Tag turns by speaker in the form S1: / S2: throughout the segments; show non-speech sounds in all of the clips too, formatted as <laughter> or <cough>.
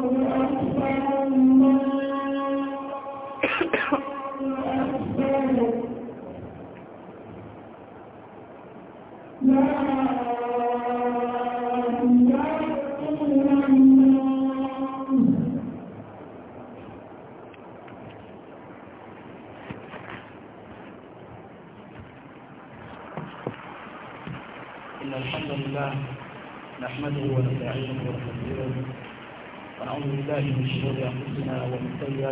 S1: Thank you.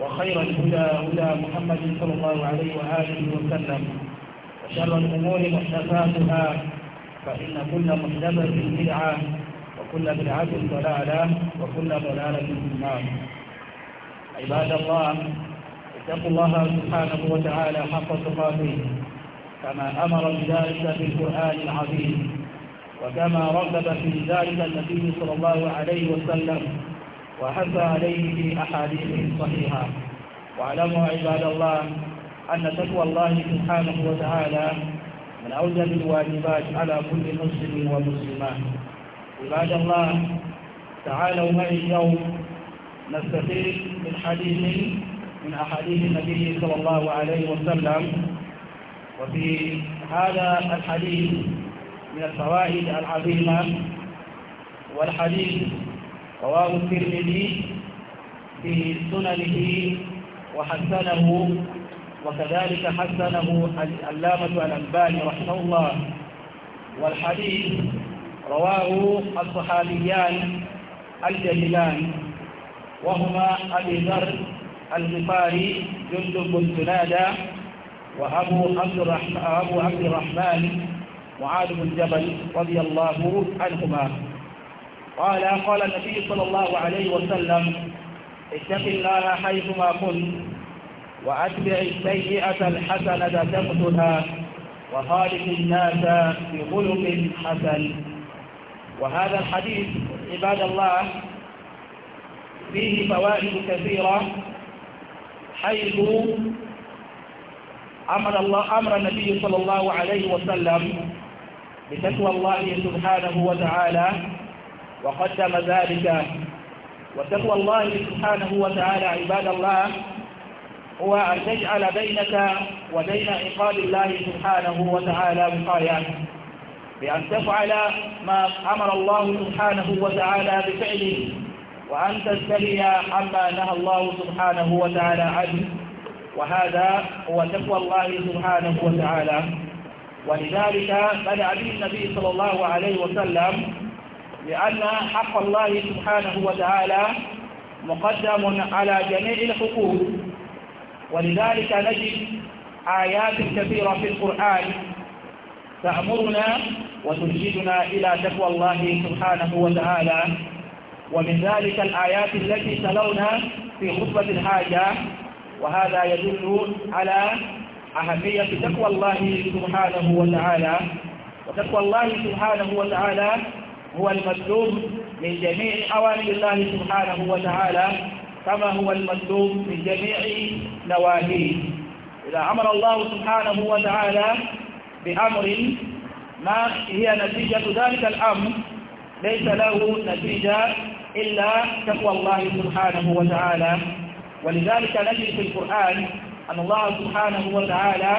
S1: وخير الهدى هدى محمد صلى الله عليه وآله وسلم وشر الأمور محدثاتها فإن كل محدثة بدعة وكل بدعة ضلالة وكل ضلالة في النار عباد الله اتقوا الله سبحانه وتعالى حق تقاته كما أمر بذلك في القرآن العظيم وكما رغب في ذلك النبي صلى الله عليه وسلم وحث عليه في أحاديث صحيحة واعلموا عباد الله أن تقوى الله سبحانه وتعالى من أوجب الواجبات على كل مسلم ومسلمة عباد الله تعالوا معي اليوم نستفيد من حديث من أحاديث النبي صلى الله عليه وسلم وفي هذا الحديث من الفوائد العظيمة والحديث رواه الترمذي في سننه وحسنه وكذلك حسنه العلامة الألباني رحمه الله والحديث رواه الصحابيان الجليلان وهما أبي ذر الغفاري جندب بن جنادة وأبو عبد الرحمن أبو عبد الرحمن معاذ بن جبل رضي الله عنهما قال قال النبي صلى الله عليه وسلم اتق الله حيثما كنت وأتبع السيئة الحسنة تقتلها وخالق الناس بخلق حسن وهذا الحديث عباد الله فيه فوائد كثيرة حيث أمر الله أمر النبي صلى الله عليه وسلم بتقوى الله سبحانه وتعالى وقدم ذلك وتقوى الله سبحانه وتعالى عباد الله هو أن تجعل بينك وبين عقاب الله سبحانه وتعالى وقاية بأن تفعل ما أمر الله سبحانه وتعالى بفعله وأن تستهي عما نهى الله سبحانه وتعالى عنه وهذا هو تقوى الله سبحانه وتعالى ولذلك بدأ به النبي صلى الله عليه وسلم لأن حق الله سبحانه وتعالى مقدم على جميع الحقوق ولذلك نجد آيات كثيرة في القرآن تأمرنا وترشدنا إلى تقوى الله سبحانه وتعالى ومن ذلك الآيات التي تلونا في خطبة الحاجة وهذا يدل على أهمية تقوى الله سبحانه وتعالى وتقوى الله سبحانه وتعالى هو المطلوب من جميع أوامر الله سبحانه وتعالى كما هو المطلوب من جميع نواهيه إذا أمر الله سبحانه وتعالى بأمر ما هي نتيجة ذلك الأمر ليس له نتيجة إلا تقوى الله سبحانه وتعالى ولذلك نجد في القرآن أن الله سبحانه وتعالى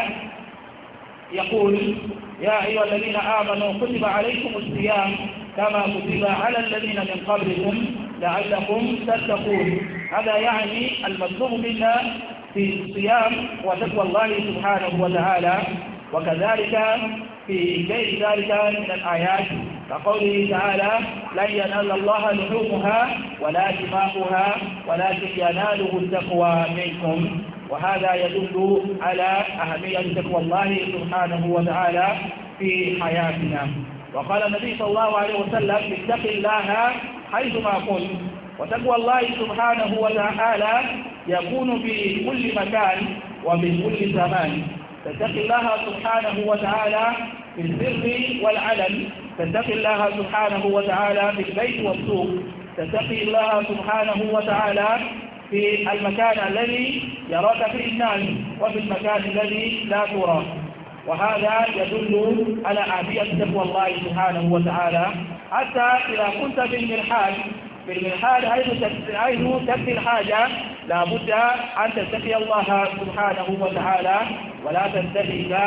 S1: يقول يا أيها الذين آمنوا كتب عليكم الصيام كما كتب على الذين من قبلكم لعلكم تتقون هذا يعني المطلوب منا في الصيام وتقوى الله سبحانه وتعالى وكذلك في غير ذلك من الآيات كقوله تعالى لن ينال الله لحومها ولا دماؤها ولكن يناله التقوى منكم وهذا يدل على أهمية تقوى الله سبحانه وتعالى في حياتنا وقال النبي صلى الله عليه وسلم اتق الله حيثما كنت وتقوى الله سبحانه وتعالى يكون في كل مكان وفي كل زمان فاتق الله سبحانه وتعالى في السر والعلن فاتق الله سبحانه وتعالى في البيت والسوق تتقي الله سبحانه وتعالى في المكان الذي يراك فيه الناس وفي المكان الذي لا تراه وهذا يدل على أهمية تقوى الله سبحانه وتعالى حتى إذا كنت في المرحال في المرحال حيث تكفي الحاجة لابد أن تتقي الله سبحانه وتعالى ولا تنتهك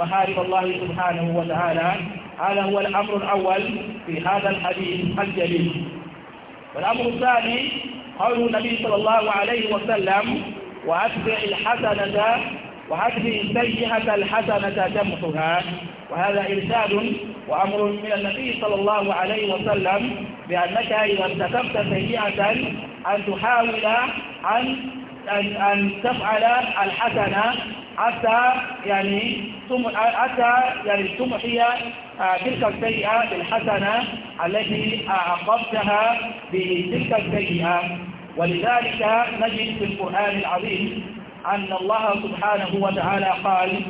S1: محارم الله سبحانه وتعالى هذا هو الأمر الأول في هذا الحديث الجليل والأمر الثاني قول النبي صلى الله عليه وسلم وأتبع الحسنة وهذه السيئة الحسنة تمحها وهذا إرشاد وأمر من النبي صلى الله عليه وسلم بأنك إذا ارتكبت سيئة أن تحاول أن أن, أن تفعل الحسنة حتى يعني حتى يعني تمحي آه، تلك السيئة بالحسنة التي عقبتها بتلك السيئة ولذلك نجد في القرآن العظيم أن الله سبحانه وتعالى قال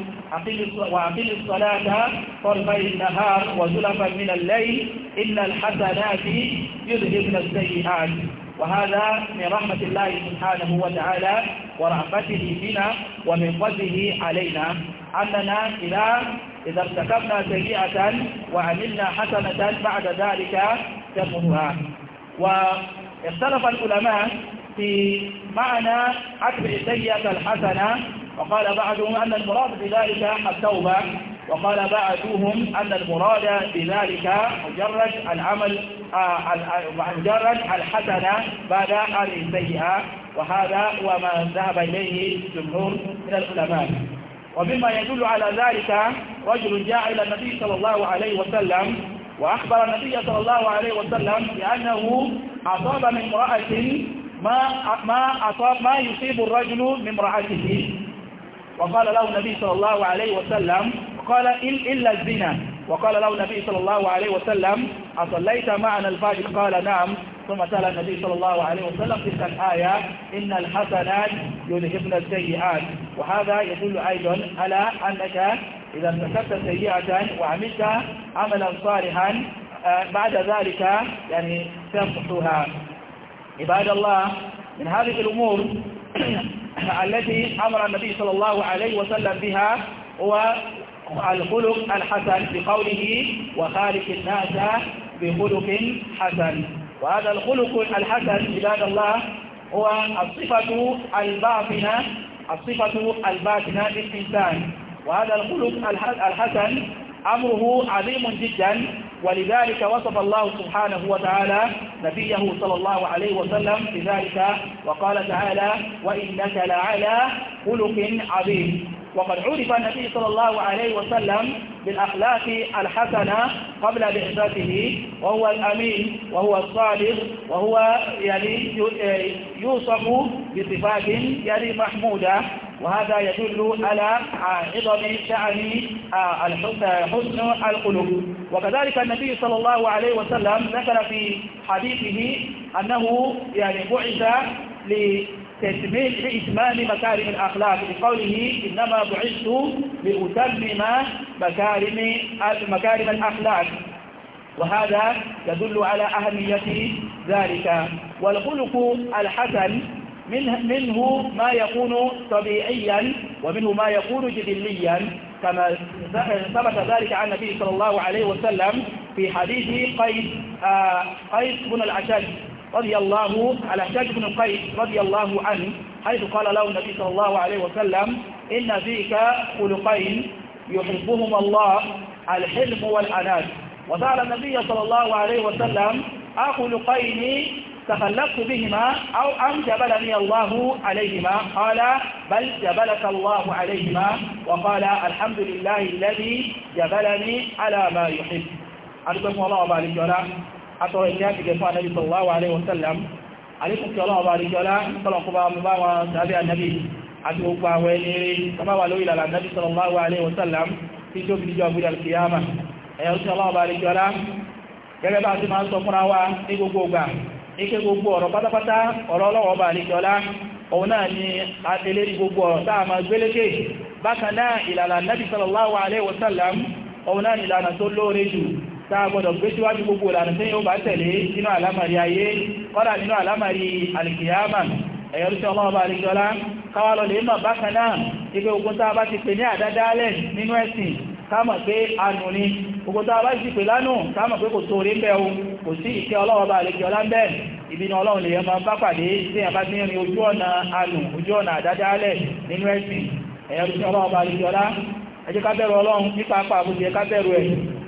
S1: وأقم الصلاة طرفي النهار وزلفا من الليل إن الحسنات يذهبن السيئات وهذا من رحمة الله سبحانه وتعالى ورحمته بنا ومن فضله علينا أننا إذا إذا ارتكبنا سيئة وعملنا حسنة بعد ذلك تمنها واختلف العلماء في معنى اتبع السيئة الحسنة وقال بعضهم أن المراد بذلك التوبة وقال بعضهم أن المراد بذلك مجرد العمل آه، آه، مجرد الحسنة بعد السيئة وهذا هو ما ذهب إليه جمهور من العلماء ومما يدل على ذلك رجل جاء إلى النبي صلى الله عليه وسلم وأخبر النبي صلى الله عليه وسلم بأنه أصاب من امرأة ما ما أصاب ما يصيب الرجل من امرأته وقال له النبي صلى الله عليه وسلم قال إلا الزنا وقال له النبي صلى الله عليه وسلم أصليت معنا الفاجر قال نعم ثم تلا النبي صلى الله عليه وسلم تلك الآية إن الحسنات يذهبن السيئات وهذا يدل أيضا على أنك إذا ارتكبت سيئة وعملت عملا صالحا آه، بعد ذلك يعني تمحوها عباد الله من هذه الأمور <clears throat> التي أمر النبي صلى الله عليه وسلم بها هو الخلق الحسن بقوله وخالق الناس بخلق حسن وهذا الخلق الحسن عباد الله هو الصفة الباطنة الصفة الباطنة للإنسان وهذا الخلق الحسن أمره عظيم جدا ولذلك وصف الله سبحانه وتعالى نبيه صلى الله عليه وسلم بذلك وقال تعالى وإنك لعلى خلق عظيم وقد عرف النبي صلى الله عليه وسلم بالأخلاق الحسنة قبل بعثته وهو الأمين وهو الصادق وهو يعني آه، يوصف بصفات يعني محمودة وهذا يدل على عظم شأن آه، حسن القلوب وكذلك النبي صلى الله عليه وسلم ذكر في حديثه أنه يعني بعث لتتميم لإتمام مكارم الأخلاق بقوله إنما بعثت لأتمم مكارم مكارم الأخلاق وهذا يدل على أهمية ذلك والخلق الحسن منه, منه ما يكون طبيعيا ومنه ما يكون جدليا كما ثبت ذلك عن النبي صلى الله عليه وسلم في حديث قيس آه قيس بن الأشد رضي الله على حجاج بن قيس رضي الله عنه حيث قال له النبي صلى الله عليه وسلم إن فيك خلقين يحبهم الله الحلم والأناد وسأل النبي صلى الله عليه وسلم أخلقين تخلقت بهما أو أم جبلني الله عليهما قال بل جبلك الله عليهما وقال الحمد لله الذي جبلني على ما يحب أرجو الله وبارك atọrọ ìjẹ́ àti gẹ̀fún anábi sallallahu alaihi wasallam alékùn tí ọlọ́wọ́ bá rí jọlá kọlọ̀kọba mú bá wọn tàbí anábi àti gbogbo àwọn sallallahu alaihi wasallam tí tó fi jọ gbúdà kìyàmà ẹ̀yọ́ tí ọlọ́wọ́ bá rí jọlá gẹ́gẹ́ bá ti máa ń sọ fúnra wa ní gbogbo ìgbà ike gbogbo ọ̀rọ̀ pátápátá ọ̀rọ̀ ọlọ́wọ́ bá òun náà ni eléri gbogbo ọ̀rọ̀ tá a gbélékè bákan ìlànà anábi sallallahu alaihi wasallam òun náà ni ìlànà tó lóore jù tá gbọ́dọ̀ gbé síwájú gbogbo ìlànà tí yóò bá tẹ̀lé nínú àlámàrí ayé kọ́dà nínú àlámàrí alìkìyàmà ẹ̀yọ́rú tí ọlọ́ọ̀bá alìkìyọ́lá káwàlọ́ lè mọ̀ bákan ipé ogun tá o ìbínú ọlọ́run lè yẹn máa tí a bá ti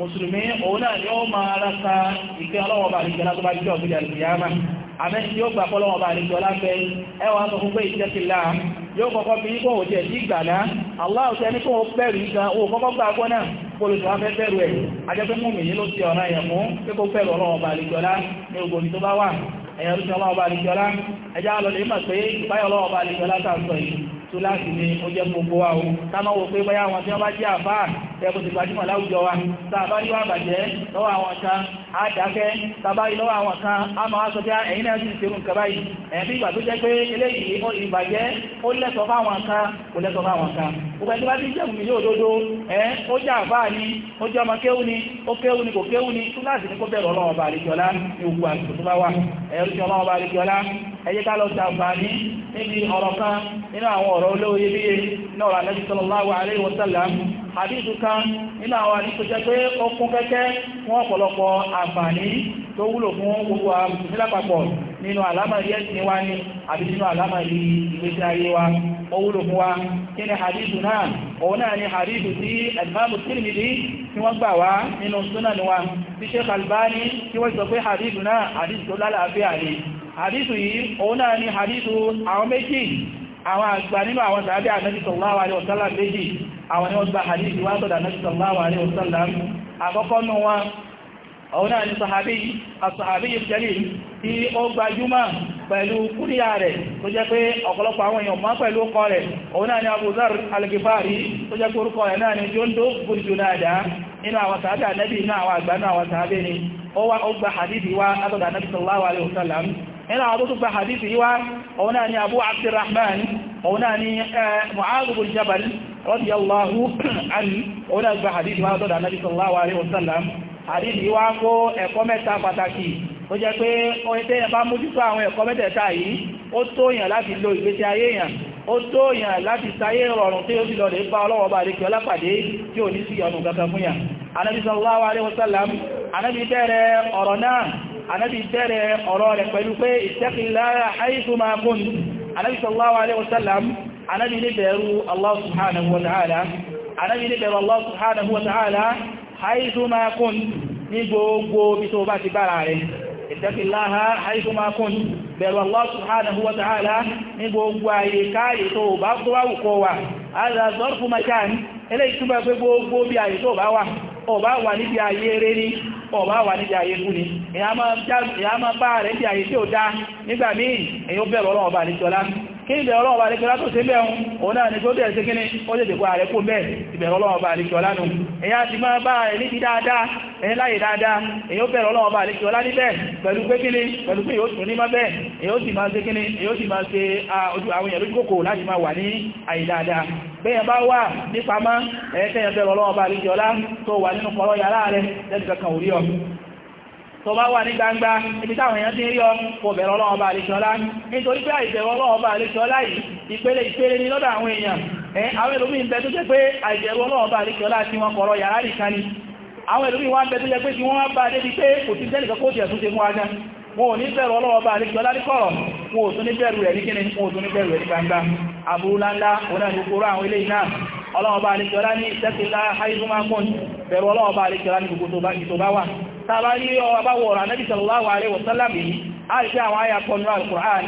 S1: mùsùlùmí òun náà yóò máa ráta ìfẹ́ ọlọ́wọ́ba àríjọlá tó bá jẹ́ ọ̀gbìn àríjọlá àmẹ́ tí ó gbà fọ́lọ́wọ́ba àríjọlá fẹ́ ẹwà sọ fún pé ìtẹ́kìlá yóò kọ́kọ́ bí kó ò jẹ́ sí ìgbàná aláwọ̀ tẹ́ ní kó o bẹ̀rù gan o kọ́kọ́ gbà gbọ́ náà polisi wa fẹ́ bẹ̀rù tó láti ní ó jẹ́ gbogbo wa o táwọn wò pé báyá wọn tí wọ́n bá jẹ́ àbá ẹ̀kọ́ ti gbajúmọ̀ láwùjọ wa tá a bá wà bàjẹ́ lọ́wọ́ àwọn kan àjáfẹ́ tàbá ìlọ́wọ́ àwọn kan a máa sọ bí ẹ̀yìn náà sì ṣerú nǹkan báyìí ẹ̀yìn bí ìgbà tó jẹ́ pé eléyìí ó ìbàjẹ́ ó lẹ́sọ̀ fáwọn kan kò lẹ́sọ̀ fáwọn kan gbogbo bá ti jẹ́ ó jẹ́ ni ó jẹ́ ọmọ kéwú ni ó ni kò kéwú ni tún láti ní kó bẹ̀rù ọlọ́wọ́ bá àríkíọlá ní ogun tó bá wà ọlọ́wọ́ bá àdíjù kan nínú àwọn àdíjù jẹ́ pé ó kún kẹ́kẹ́ fún ọ̀pọ̀lọpọ̀ àǹfààní tó wúlò fún gbogbo àmùsùn lápapọ̀ nínú àlámàrí ẹ̀sìn wa ní àbí nínú àlámàrí ìgbésí ayé wa ó wúlò fún wa kí ni àdíjù náà òun náà ni àdíjù tí ẹ̀dùnmáàmù tìrìmìdì tí wọ́n gbà wá nínú súnà ni wa tí Sheikh Albani tí wọ́n sọ pé àdíjù náà àdíjù tó lálàáfíà ni àdíjù yìí òun náà ni àdíjù àwọn méjì àwọn àgbà nínú àwọn tàbí ànábì sallallahu alaihi wasallam méjì àwọn ni wọ́n gba hadith wá tọ̀dọ̀ ànábì sallallahu alaihi wasallam àkọ́kọ́ nù wọn ọ̀hún náà ni sàhábí àsàhábí ìjẹ́lì tí ó gbajúmọ̀ pẹ̀lú kúríyà rẹ̀ tó jẹ́ pé ọ̀pọ̀lọpọ̀ àwọn èèyàn máa pẹ̀lú ọkọ̀ rẹ̀ òun náà ni Abu Dharr al-Ghifari tó jẹ́ pé orúkọ rẹ̀ náà ni Jundu bin Junada nínú àwọn sàábẹ̀ ànẹ́bì náà àwọn àgbà náà àwọn sàábẹ̀ ni ó wá ó gba hadithi wá látọ̀dọ̀ ànẹ́bì sallallahu alaihi wasallam ẹ̀nà àwọn tó gba hadith yíwá òun náà ni abu abdurrahman òun náà ni mu'adh bin jabal radiyallahu anhu òun náà gba hadith wá sọ́dọ̀ anabi sallallahu alaihi wasallam hadith yíwá kó ẹ̀kọ́ mẹ́ta pàtàkì ó jẹ́ pé oyin tẹ́yẹn bá mójútó àwọn ẹ̀kọ́ mẹ́tẹ̀ẹ̀ta yìí ó tóyàn láti lo ìgbésí ayé yàn ó tóyàn láti sáyé rọrùn tí ó sì lọ́dẹ̀ bá ọlọ́wọ́ bá àríkẹ́ ọlápàdé tí ò ní sí ọ̀nà kankan fún yàn anábi sallallahu alaihi wasallam anábi bẹ̀rẹ̀ ọ̀rọ̀ náà anábì bẹ̀rẹ̀ ọ̀rọ̀ rẹ̀ pẹ̀lú pé ittaqillaha haythu ma kunt anábì sallallahu alaihi wasallam anábì ní bẹ̀rù Allah subhanahu wa ta'ala anábì ní bẹ̀rù Allah subhanahu wa ta'ala haythu ma kunt ní gbogbo bí tó bá ti bára rẹ̀ wà ọba wà níbi ayé eré ní ọba wà níbi ayé kú ni èyàn máa bá rẹ̀ níbi ayé tí ó dá nígbà míì èyàn bẹ̀rọ ọlọ́ọ̀bà níjọlá kí ilẹ̀ ọlọ́ọ̀bá alẹ́kẹ́lá tó ṣe mẹ́un òun náà ni tó bẹ̀rẹ̀ sí kíní ó lè dẹ̀kọ́ ààrẹ kó mẹ́ ìbẹ̀rẹ̀ ọlọ́ọ̀bá alẹ́kẹ́lá nù èyí a ti máa bá ẹni ti dáadáa ẹni láyé dáadáa èyí ó bẹ̀rẹ̀ ọlọ́ọ̀bá alẹ́kẹ́lá níbẹ̀ pẹ̀lú pé kíní pẹ̀lú pé yóò tún ní mọ́bẹ̀ èyí ó sì máa ṣe kíní èyí ó sì máa ṣe ojú àwọn èèyàn bá wà nípa mọ́ tó wà nínú kọ̀rọ̀ yàrá rẹ̀ lẹ́nu kankan tó bá wà ní gbangba ibi táwọn èèyàn ti rí ọ kò bẹ̀rẹ̀ ọlọ́run bá àlejòọ́lá nítorí pé àìbẹ̀rẹ̀ ọlọ́run bá àlejòọ́lá yìí ìpele ìpele ni lọ́dọ̀ àwọn èèyàn ẹ̀ àwọn ẹlòmíín bẹ tó jẹ́ pé àìbẹ̀rẹ̀ ọlọ́run bá àlejòọ́lá tí wọ́n kọ̀rọ̀ yàrá nìkan ni àwọn ẹlòmíín wá ń bẹ tó jẹ́ pé tí wọ́n wá bá débi pé kò sí tẹ́lẹ̀ kọ́kọ́ tiẹ̀ tún ṣe fún ajá wọn ò ní bẹ̀rù ọlọ́ọ̀bá àríkọlá ní kọ̀rọ̀ wọn ò tún ní bẹ̀rù rẹ̀ ní kíni wọn ò tún ní bẹ̀rù rẹ̀ ní gbangba àbúrúláńlá òun náà ní gbogbo àwọn ilé iná ọlọ́ọ̀bá àríkọlá ní ìtẹ́kìlá haizuma kún bẹ̀rù ọlọ́ọ̀bá ní gbogbo tó bá wà tàbá rí ọbáwọ̀ ọ̀rọ̀ Ànábì sallallahu alaihi wasallam yìí a rí pé àwọn àyà kọnu al-Qur'an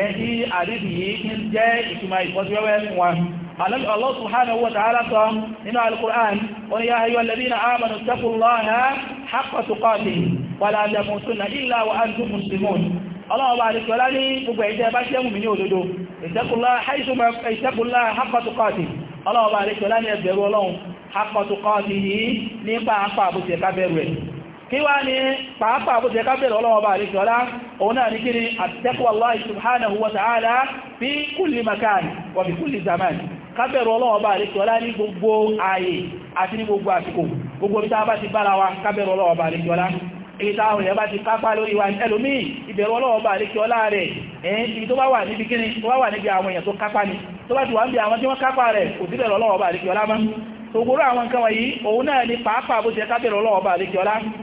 S1: ẹni tí àdídì yìí ń jẹ́ ìtumà ìfọ́síwẹ́wẹ́ fún wa Allah subhanahu wa ta'ala sọ nínú al-Qur'an ó ní ya ayyuhal ladhina amanu ittaqullaha haqqa tuqatihi wa la tamutunna illa wa antum muslimun ní gbogbo ẹ̀jẹ́ bá ṣẹ́mù mi ní òdodo ittaqullaha haqqa tuqatihi ọlọ́ọ̀bá àríkọ́lá ní ẹgbẹ̀rún ọlọ́run haqqa tuqatihi ní pàápàá bó ṣe ká kí wá ní pàápàá bó ṣe ká bèèrè ọlọ́wọ́ bá àríkì ọlá òun náà ní kíni àtẹ́kọ̀ọ́ Allah subhanahu wa fi kulli makan fi zaman ká bèèrè ọlọ́wọ́ bá àríkì ọlá ní gbogbo ààyè àti ní gbogbo àsìkò gbogbo ti bára àwọn ti nǹkan wọ̀nyí òun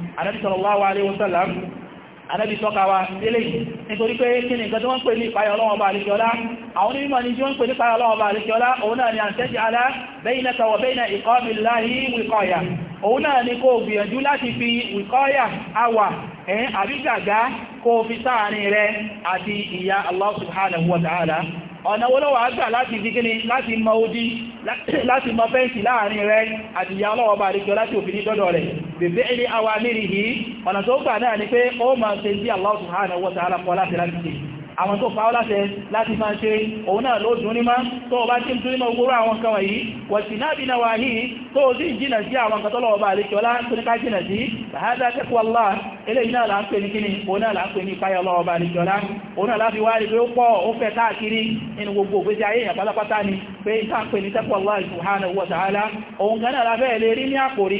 S1: Ànábì sallallahu alaihi wasallam Ànábì tọ́ka wa délé nítorí pé kí ni nǹkan tí wọ́n ń pè ní ìpayà Ọlọ́run Ọba àríkíọlá àwọn onímọ̀ ni tí wọ́n ń pè ní ìpayà Ọlọ́run Ọba àríkíọlá òun náà ni an taj'ala baynaka wa bayna iqamillahi wiqaya òun náà ni kó gbìyànjú láti fi wiqaya awà ẹ̀yìn àbígàgá kó fi sáàrin rẹ àti ìyà Allah subhanahu wa ta'ala ọ̀nà olówó àgbà láti bèbèèrè awamirihi ọ̀nà tó gbà náà ni pé ó máa ṣe sí Allah subhanahu wa ta'ala kọ́ láti láti ṣe àwọn tó pa ọ́ láṣẹ láti máa ṣe òun náà ló dùn ní máa tó ọba tí ń tún nínú ogoro àwọn nǹkan wọ̀nyí wọ̀sí náà bí náà wáyé tó o sì jìnà sí àwọn nǹkan tọ́lọ̀ ọba àlejò ọlá tó ní ká jìnà sí láàdá kẹ́kọ̀ọ́ ọlá eléyìí náà là ń pè ní kíni òun náà là ń pè ní ìpáyà ọlọ́ ọba àlejò ọlá òun náà láti ni pé ìta ń pè ní tẹ́kọ̀ọ́ ọlá subhanahu wa ta'ala òun gan náà láfẹ́ lè rí ní àkòrí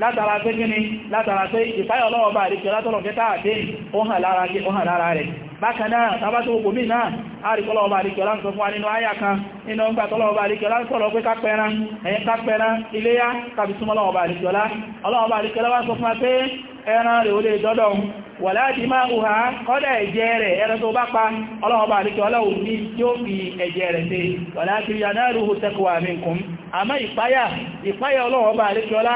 S1: látara pé gíní látara pé ìfáyọ̀ ọlọ́ọ̀bá àríkẹ́ látọ̀lọ̀ kẹta àdé òhàn lára rẹ̀ bákanáà tàbátí ogun mi náà àríkọ́lọ́ọ̀bá àríkẹ́ láti sọ fún wa nínú àyà kan nínú ń gbàtọ́lọ́ọ̀bá àríkẹ́ láti sọ̀rọ̀ pé kápẹ́ran ẹ̀yìn kápẹ́ran iléyá tàbí súnmọ́lọ́ọ̀bá àríkẹ́ lá ọlọ́ọ̀bá àríkẹ́ láwá àmọ́ ìpáyà ìpáyà ọlọ́run ọba àlékiọlá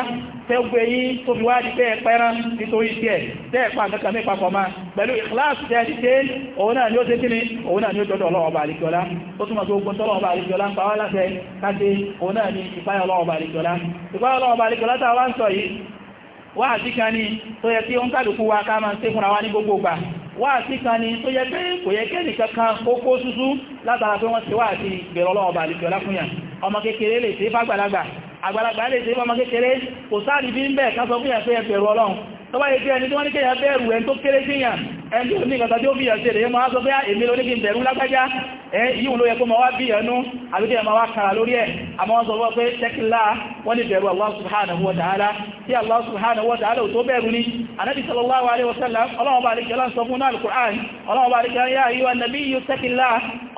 S1: tẹ́ gbé yí tó fi wá di pé ẹpẹran nítorí tí ẹ̀ tẹ́ ẹ̀pá nǹkan mẹ́pa pọ̀ máa pẹ̀lú ìkìláàsì tẹ́ ti tẹ́ òun náà ni ó tẹ́ kí ni òun náà ni ó jọ́dọ̀ ọlọ́run ọba àlékiọlá ó túnmọ̀ tó gbọ́n tọ́lọ́run ọba àlékiọlá ń pa wá láṣẹ káṣe òun náà ni ìpáyà ọlọ́run ọba àlékiọlá ìpáyà ọlọ́run ọba àlékiọlá tá a wá ń sọ yìí wá àti kan ni tó yẹ kí ó ń kálukú wa pé kò yẹ kẹ́nìkan kan kókó súsú látara pé wọ́n ti wá àti ìbẹ̀rẹ̀ ọlọ́run ọba àlékiọlá fún yàn ọmọ kékeré lè ṣe fàgbàlagbà àgbàlagbà lè ṣe ọmọ kékeré kò sáàrí bí ń bẹ̀ kásọ fún ìyàfẹ́ ẹ̀bẹ̀rù ọlọ́run tó bá yẹ kí ẹni tí wọ́n ní kéyà bẹ̀rù ẹni tó kéré sí yàn ẹni tó ní ìkàtà tí ó bíyàn sí èdè máa sọ pé ah, èmi ló ní kí n bẹ̀rù lágbájá ẹ yíò ló yẹ kó máa wá bíyàn nú àbí kí ẹ máa wá kàrà lórí ẹ àmọ́ wọ́n sọ wọ́n pé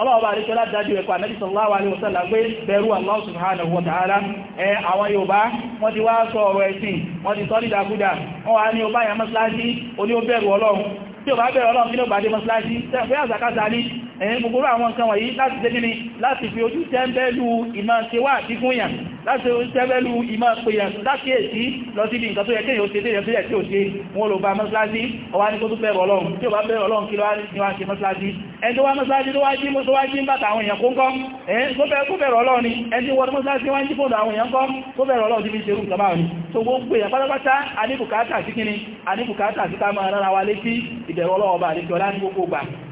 S1: ọlọ́ọ̀bá àríkẹ́ ládájú ẹ̀kọ́ ànábì sallallahu alaihi wasallam pé bẹ̀rù Allah subhanahu wa ta'ala ẹ àwọn Yorùbá wọ́n ti wá sọ ọ̀rọ̀ ẹ̀sìn wọ́n ti sọ nídàkúdà wọ́n wá ní ọba yàmọ́ síláàtí oní ó bẹ̀rù Ọlọ́run tí ó bá bẹ̀rù Ọlọ́run kí láti ṣẹ́bẹ̀lú ìmọ̀ pèyàn lákèèsí lọ sí ibi nǹkan tó yẹ kéèyàn ó ṣe déyẹ sílẹ̀ tí ó ṣe wọn ló bá mọ́sálásí ọwá ní tó tún bẹ̀rọ ọlọ́run tí ó bá bẹ̀rọ ọlọ́run kí ló wá ní wá ṣe mọ́sálásí ẹni tó wá mọ́sálásí tó wá jí mọ́ tó wá jí ń bàtà àwọn èèyàn kó ń kọ́ ẹni tó bẹ̀rọ ni ẹni tí wọ́n mọ́sálásí wá ń jí fóònù àwọn èèyàn ni tó gbogbo èèyàn pátápátá a ní bùkátà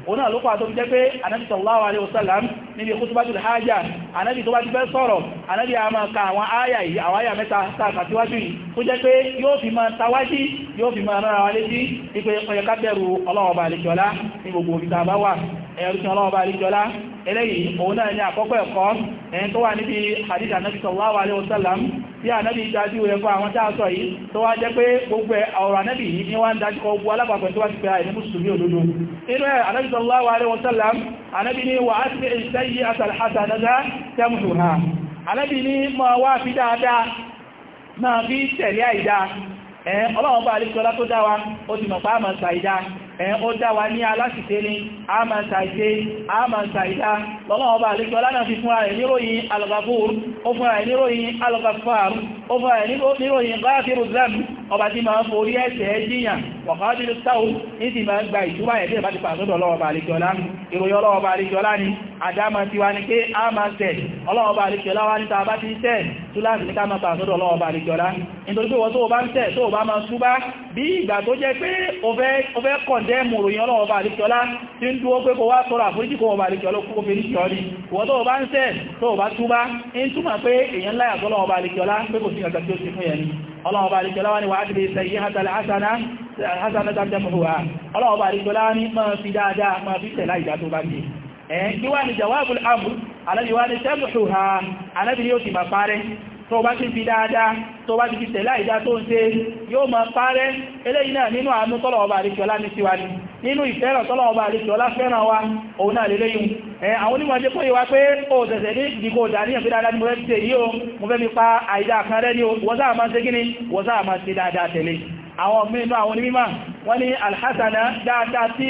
S1: òun náà ló pàtó jẹ́ pé anábì sallallahu alaihi wasallam níbi khutbatul haja anábì tó bá ti fẹ́ sọ̀rọ̀ anábì a máa ka àwọn ááyà yìí àwọn ááyà mẹ́ta sáàkàtíwájú yìí tó jẹ́ pé yóò fi máa tawájí yóò fi máa rárá wa létí ipé ọyọ̀ká bẹ̀rù ọlọ́ọ̀bà àlejọ́lá ní gbogbo òfìta bá wà ẹ̀rùsìn ọlọ́ọ̀bà àlejọ́lá eléyìí òun náà ni àkọ́kọ́ ẹ̀kọ́ ẹni tó wà níbi hadith anabi sallallahu alaihi wasallam tí ànábì dájú rẹ̀ fún àwọn táàsọ yìí tó wá jẹ́ pé gbogbo ọ̀rọ̀ ànábì yìí ni wá ń dájú kọ ogun alápapẹ̀ tó wá ti pẹ̀lá ìní mùsùlùmí òdodo inú ẹ̀ ànábì sallallahu alaihi wasallam ànábì ni wà á ti ṣẹ́yí asàlhásà náà tẹ́mùsùn náà anábì ní mọ́ wá fi dáadáa máa fi tẹ̀lé àìdá ẹ̀ ọlọ́run bá alẹ́sọ́lá tó dá wa ó ti mọ̀ pa á máa ṣàìdá ẹ̀ ó dá wa ní aláṣìṣẹ́ ni a máa ṣàìṣẹ́ a máa ṣàìdá lọ́lọ́run bá alẹ́sọ́lá náà fi fúnra rẹ̀ níròyìn al-Ghafur ó fúnra ọba ẹ̀ níròyìn bá fi rùzán ọba tí máa ń forí ẹ̀ṣẹ̀ jíyàn wọ̀kọ́dínú sáwọ́ ní ti máa ń gba ìtúbà ẹ̀ tí ìbá ti pàṣọ́dọ̀ ọlọ́ọ̀bà àríkẹ́ọlá ìròyìn ọlọ́ọ̀bà àríkẹ́ọlá ni àdámà ti wá ní pé a máa tẹ̀ ọlọ́ọ̀bà àríkẹ́ọlá wá níta bá ti tẹ̀ túláàsì ní ká máa pàṣọ́dọ̀ ọlọ́ọ̀bà àríkẹ́ọlá nítorí pé wọ́n tó bá ń tẹ̀ tó bá máa súbá bí ìgbà tó jẹ́ pé o fẹ́ kọ̀ndẹ́mù ròyìn ọlọ́ọ̀bà àríkẹ́ọlá tí ń dúó pé kó wá tọrọ àforíjì kó wọ́n bá àríkẹ́ọlá kó fi ríṣẹ́ ọrí wọ́n tó bá ń tẹ̀ tó bá túbá ń túmọ̀ pé èèyàn láyà tọ́lọ́ọ̀bà àríkẹ́ọlá pé kò sí ọjọ́ tí ó ti fún yẹn ni ọlọ́wọ́ bá àríkẹ́ láwá ní wà á ti lè sẹ yí hasana dájẹ́mọ̀húwà ọlọ́wọ́ bá àríkẹ́ láwá ní máa fi dáadáa ẹ̀yìn kí wá ní jawabul amr alábi wá ní sẹ́mùhúwà alábi ni ó ti máa parẹ́ tó bá ti fi dáadáa tó bá ti fi tẹ̀lá ìdá tó ń ṣe yóò mọ̀ parẹ́ eléyìí náà nínú àánú tọ́lọ̀ ọba àríkíọlá ní síwá ni nínú ìfẹ́ràn tọ́lọ̀ ọba àríkíọlá fẹ́ràn wa òun náà lélẹ́yìn àwọn onímọ̀ jẹ́ pé wá pé ó tẹ̀sẹ̀ ni mo fẹ́ ṣe yí o mo ni o wọ́n sáà máa ṣe kíni wọ́n sáà máa ṣe dáadáa tẹ̀lé àwọn mínú àwọn onímọ̀ wọ́n ní alhassana dáadáa tí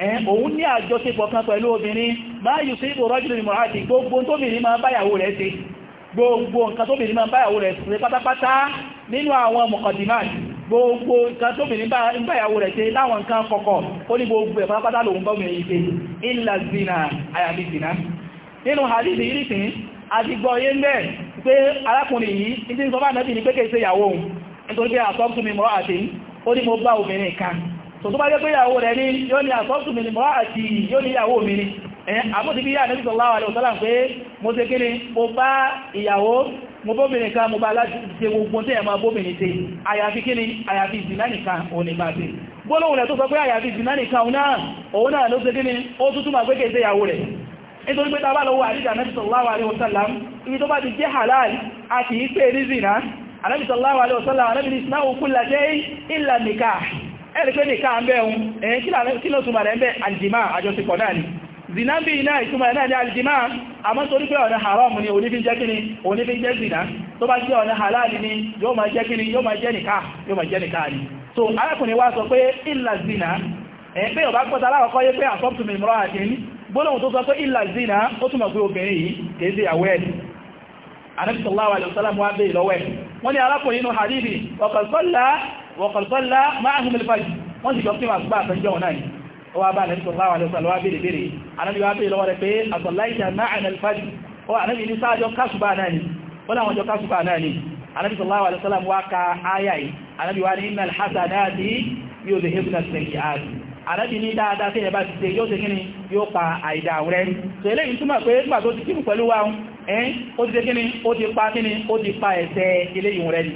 S1: òun ní àjọṣepọ̀ kan pẹ̀lú obìnrin máa yìí sí ìbò rọ́jùlù gbogbo máa báyàwó rẹ̀ gbogbo nǹkan tóbìnrin máa báyàwó rẹ̀ ṣe gbogbo nǹkan tóbìnrin báyàwó rẹ̀ ṣe láwọn gbogbo so tó bá jẹ́ pé ìyàwó rẹ̀ ní yóò ní àsọ́tù mi ni mọ́ àti yóò ní ìyàwó mi ni àmúti bí yà nẹ́bí sallallahu alaihi wasallam pé mo ṣe kí ni mo bá ìyàwó mo bóbìnrin ká mo bá láti ṣe gbogbo tí ẹ̀mà bóbìnrin ṣe àyàfi kí ni àyàfi ìsìnlá nìkan òun ni máa ṣe gbólóhùn rẹ̀ tó sọ pé àyàfi ìsìnlá nìkan òun náà ló ṣe kí ni ó tútù a kì í ẹ̀rẹ́fẹ́ ní káà ń bẹ́ ohun ẹ̀yẹn kí ló túnmà rẹ̀ ń bẹ́ aljima àjọsìpọ̀ náà ni zina bí iná ìtumà náà ni aljima àmọ́ torí pé ọ̀nà haram ni onífin jẹ́ tó bá jẹ́ ọ̀nà halal ni yóò máa jẹ́ kíni yóò máa jẹ́ nìká ni so arákùnrin wá sọ pé ìlà zina ẹ̀yẹn pé ọba pọ́ta aláwọ̀kọ́ yé pé àkọ́pùtùmí mìíràn àti gbólóhùn tó sọ pé ìlà zina ó túnmọ̀ pé obìnrin yìí kèé sí ìyàwó ẹ̀ anábìsọ̀láwà lọ́sọ́lá mú wá bèèrè lọ́wọ́ wọ́n ní arákùnrin inú hadithi ọkọ̀ wọ̀kọ̀lọ́lá máa ń mẹ́lẹ̀ fàájì wọ́n sì jọ pé màá gbà àtọ́jọ́ náà ni ó wá bá nàìjíríà sallallahu alaihi wasallam béèrè béèrè anábi wá béèrè lọ́wọ́ rẹ̀ pé àtọ̀láìjà máa ń mẹ́lẹ̀ fàájì ó anábi ní sáájọ́ kásùbà náà ni ó láwọn jọ kásùbà náà ni anábi sallallahu alaihi wasallam wá ka áyà yìí anábi wá ní innal hasanati yudhibna sayyi'at anábi ní dáadáa tí ẹ bá ti ṣe yóò ṣe kíni ó ti ṣe kíni ó ti pa kíni ó ti rẹ̀ ni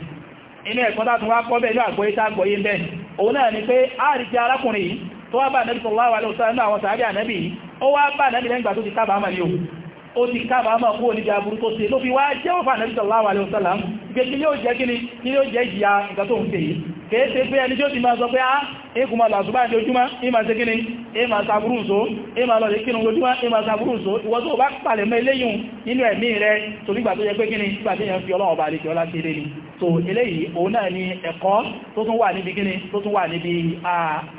S1: inú ẹ̀kọ́ tàbí wá kọ́ bẹ̀ ní àgbóyé tàgbóyé bẹ̀ òun náà ni pé àríkí arákùnrin yìí tó wá bá nẹ́bí sallallahu alaihi wasallam nínú àwọn sàábí ànẹ́bì yìí ó wá bá nẹ́bí lẹ́gbà tó ti kábàámà ní òun ó ti kábàámà kúrò níbi aburú tó ṣe ló fi wá jẹ́ kèése pé ẹni tí ó ti máa sọ pé á ikú ma làṣùbá ní ojúmá ìmá ṣe kíni ìmá sàbúrú ǹso ìmá lọ sí kínú ojúmá ìmá sàbúrú ǹso ìwọ́n tó bá pàlẹ̀ mọ́ eléyìn nínú ẹ̀mí rẹ torígbà tó yẹ pé kíni nígbà tí èèyàn fi ọlọ́run bá lè kí ọlá sí ilé ni so eléyìí òun náà ni ẹ̀kọ́ tó tún wà níbi kíni tó tún wà níbi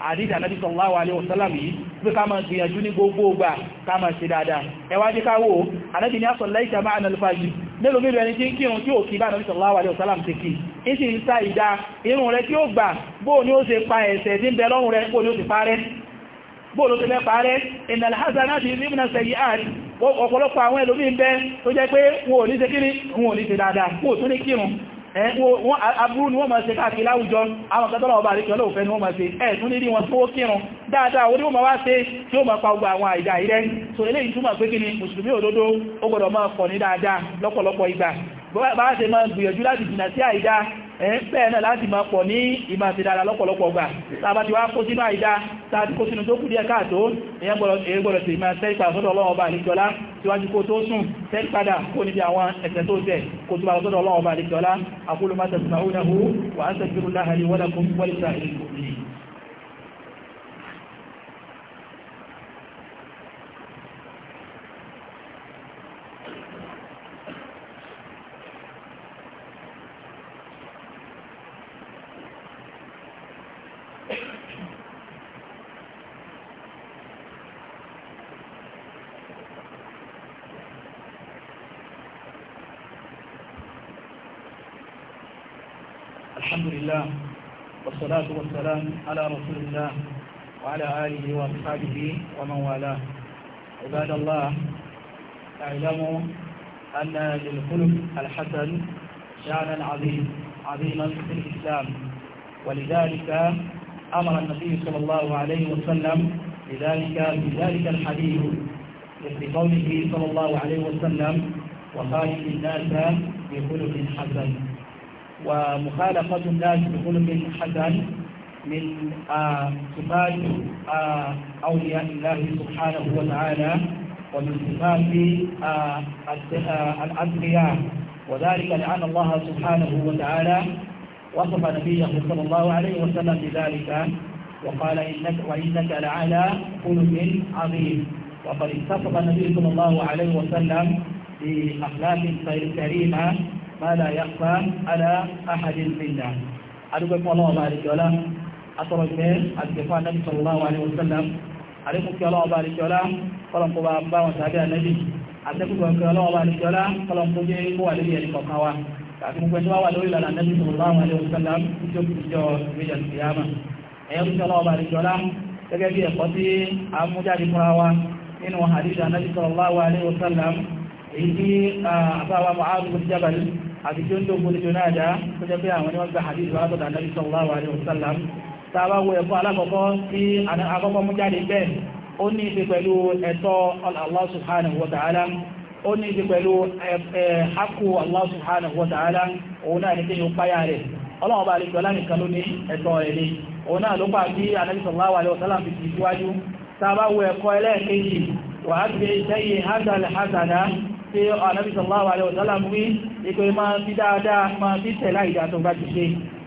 S1: àdídà Ànábì sallallahu alaihi wasallam yìí pé ká máa gbìyànjú ní gbogbo ìgbà ká máa ṣe dáadáa ẹ wá jẹ́ ká wò Ànábì máa nà lùfàájì mélòó mélòó ẹni tí ń kírun tí ò kí bá nàbí sallallahu alaihi wasallam ti kí ìsì ń sa ìdá irun rẹ̀ tí ó gbà bóò ni ó ṣe pa ẹ̀ṣẹ̀ tí ń bẹ lọ́rùn rẹ̀ bóò ni ó ti parẹ́ bóò ló ti fẹ́ parẹ́ innal hasanati yudhhibna sayyi'at ọ̀pọ̀lọpọ̀ àwọn ẹlòmí ń bẹ tó jẹ́ pé wọn ò ní ṣe kíni wọn ò ní ṣe dáadáa wọn ò tún aburú ni wọ́n máa ṣe káàkiri láwùjọ àwọn kẹtọ́lọ̀ ọba àríkẹ́ olóòfẹ́ ni wọ́n máa ṣe ẹ̀ẹ̀tún nílí wọn tó kírun dáadáa orí wọ́n máa wá ṣe tí ó máa pa gbogbo àwọn àìdá ìrẹ́ so eléyìí túnmọ̀ pé kí ni mùsùlùmí òdodo ó gbọ́dọ̀ máa kọ̀ ní dáadáa lọ́pọ̀lọpọ̀ ìgbà bá ṣe máa gbìyànjú láti jìnà sí àìdá bẹ́ẹ̀ náà láti máa pọ̀ ní ìmá ti dára lọ́pọ̀lọpọ̀ gbà tàbá ti wá kó sínú àìdá tàbí kó sínú tó kù díẹ̀ káàtó èyàn gbọ́dọ̀ sí ìmá tẹ́rípa sọ́dọ̀ ọlọ́run ọba àlejọ́lá síwájú kó tó sùn tẹ́rípadà kó níbi àwọn ẹ̀ṣẹ̀ tó tẹ̀ kó tó bá sọ́dọ̀ ọlọ́run ọba àlejọ́lá aqulu ma tasma'unahu wa astaghfirullaha li wa lakum wa lisa'iril mu'minin وسلم على رسول الله وعلى آله وأصحابه ومن والاه عباد الله اعلموا أن للخلق الحسن شأنا عظيم عظيما في الإسلام ولذلك أمر النبي صلى الله عليه وسلم بذلك بذلك الحديث لقوله صلى الله عليه وسلم وخالف الناس بخلق حسن ومخالفة الناس بخلق حسن من آه، صفات آه، أولياء الله سبحانه وتعالى ومن صفات آه، الأنبياء وذلك لأن الله سبحانه وتعالى وصف نبيه صلى الله عليه وسلم بذلك وقال إنك وإنك لعلى خلق عظيم وقد اتصف النبي صلى الله عليه وسلم بأخلاق كريمة ما لا يخفى على أحد منا أدعوكم الله بارك الله atọ̀rọ̀ ìfẹ́ àtìfà anábì sallallahu alaihi wasallam àríkù kí ọlọ́wọ́ bá àríkíọ́lá kọ́lọ̀kọ́ bá bá wọn tàbí anábì àtẹ́kùkọ̀ kí ọlọ́wọ́ bá àríkíọ́lá kọ́lọ̀kọ́ jẹ́ kó wà lórí ẹni kọ̀ọ̀kan wa àti gbogbo ẹni wá wà lórí ìlànà anábì sallallahu alaihi wasallam tí ó fi jọ ìgbéjà ìyáma ẹ̀yẹ́ kí ọlọ́wọ́ bá àríkíọ́lá gẹ́gẹ́ bí ẹ̀kọ́ tí a mú jáde fúnra wa nínú hadith anábì sallallahu alaihi wasallam èyí tí àbáwá Mu'adh bin Jabal àti tí ó ń dógún ní Jonada tó jẹ́ pé àwọn ni wọ́n gba hadith wa látọ̀dọ̀ anábì sallallahu tàbá wo ẹ̀kọ́ alákọ̀ọ́kọ́ tí àkọ́kọ́ mú jáde bẹ́ẹ̀ ó ní ìṣe pẹ̀lú ẹ̀tọ́ Allah subhanahu wa ta'ala ó ní ìṣe pẹ̀lú ẹ̀hákù Allah subhanahu wa ta'ala òun náà ní kí ni ó páyà rẹ̀ ọlọ́wọ́ bá lè jọlá nìkan ló ní ẹ̀tọ́ rẹ̀ ni òun náà ló pa bí Ànábì sallallahu alaihi wasallam fi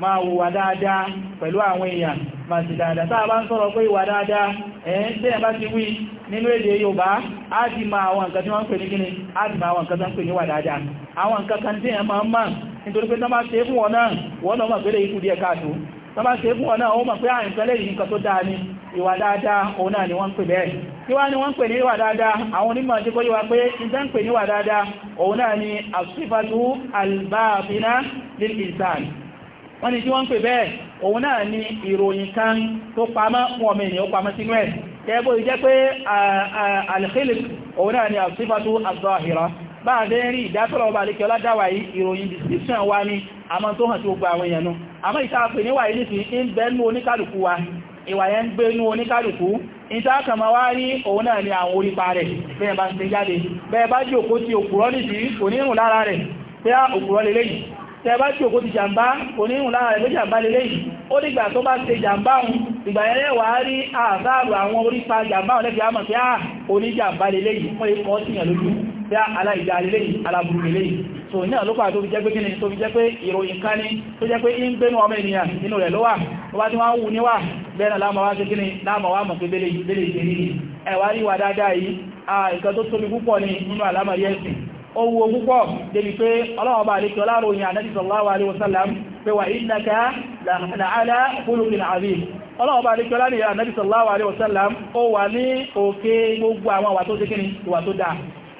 S1: máa wùwà dáadáa pẹ̀lú àwọn èèyàn máa sì dáadáa tàà bá ń sọ̀rọ̀ pé ìwà dáadáa ẹ̀yìn tí ẹ̀ bá ti wí nínú èdè Yorùbá á ti máa àwọn nǹkan tí wọ́n ń pè ní kíni á ti máa àwọn nǹkan tí wọ́n ń pè ní dáadáa àwọn nǹkan kan tí ẹ̀ máa ń mọ̀ nítorí pé tán bá ṣe fún wọn ni ìwà dáadáa òun náà ni wọ́n ń pè bẹ́ẹ̀ tí wá ni àṣífàtú albáàbínà lil insan wọ́n ni tí wọ́n ń pè bẹ́ẹ̀ òun náà ni ìròyìn kan tó pamọ́ wọn ọmọ ènìyàn pamọ́ sínú ẹ̀ kẹ́gbó ìjẹ́ pé alìkílì òun náà ni àṣífàtú àzọ́hìrá bá a dẹ́ rí ìdásọ́rọ̀ ọba alìkíọlá dáwà yìí ìròyìn description wa ni a máa tó hàn tí ó gba àwọn èèyàn nu àmọ́ ìta pè níwà yìí nìsí ń bẹ́nu oníkálùkù wa ìwà yẹn ń gbénú oníkálùkù tẹ́bá tí òkú ti jàmbá onírùn lára rẹ̀ ló jàmbá lélẹ́ yìí ó dìgbà tó bá ṣe jàmbá òun ìgbà ẹ̀rẹ́ wà á rí àzáàrù àwọn orípa jàmbá òun lẹ́fẹ̀ẹ́ àmọ̀ pé à ah, oníjàmbá lélẹ́ yìí wọ́n lè kọ́ síyàn lójú ah, so ní àlọ́pàá tó fi jẹ́ pé kíni tó fi jẹ́ pé ìròyìn kan ní tó jẹ́ pé ń gbénú ọmọ ènìyàn nínú rẹ̀ ló wà wọ́n bá tí wọ́n ń wù níwà bẹ́ẹ̀ náà láàmà wá sí owó púpọ̀ débi pé ọlọ́ọ̀bá àríkẹ́ ọláròyìn ànábì sallallahu alaihi wasallam pé wà innaka la'ala khuluqin azim ọlọ́ọ̀bá àríkẹ́ ọláròyìn ànábì sallallahu alaihi wasallam ó wà ní òkè gbogbo àwọn wà tó dékíní